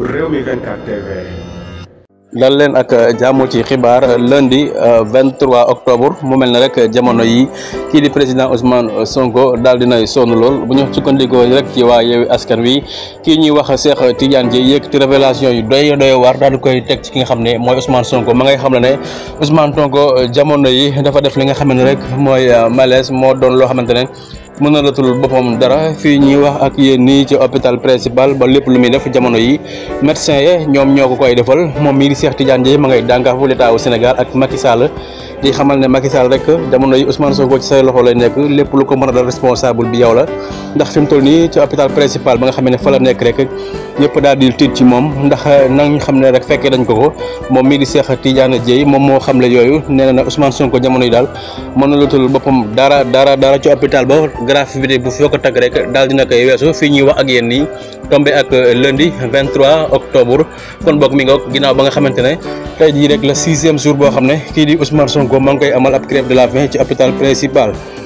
Rewmi 24 dal leen ak jàmm ci xibaar lundi 23 euh, octobre mu mel ne rek jamono yi kii di président Ousmane Sonko daal dinay sonn lool bu ñu sukkandikoo rek ci waa Yewwi Askan Wi kii ñuy wax Cheikh Tidiane Dièye yëkkati révélation yu doy doy waar daal di koy teg ci ki nga xam ne mooy Ousmane Sonko ma ngay xam ne ne Ousmane Sonko jamono yi dafa def li nga xam ne rek mooy euh, malaise moo doon loo xamante ne. mënalatul boppam dara fii ñuy wax ak yéen nii ci hôpital principal ba lépp lu muy def jamono yi médecin yi ya ñoom ñoo ko koy defal moom mii di Cheikh Tidiane ma ngay dànkaafu l'état au Sénégal ak Macky Sall di xamal ne Macky Sall rek jamono yi Ousmane Sonko ci say loxo lay nekk lépp lu ko mën a dal responsable bi yow la ndax fi mu toll nii ci hôpital principal ba nga xam ne fa la nekk rek ñëpp daal di tiit ci moom ndax nang ñu xam ne rek fekkee dañ ko ko moom mii di Cheikh Tidiane Dieye moom moo xamle yooyu nee na Ousmane Sonko jamono yi daal mën na lutul boppam dara dara dara ci hôpital ba gravité bu foo ko tag rek daal dina koy weesu fii ñuy wax ak yéen ni tombé ak lundi 23 octobre kon bok mi nga ginnaaw ba nga xamante ne tey jii rek le sixième jour boo xam ne di Ousmane Sonko ko maa ngi koy amal ab grève de la faim ci hôpital principal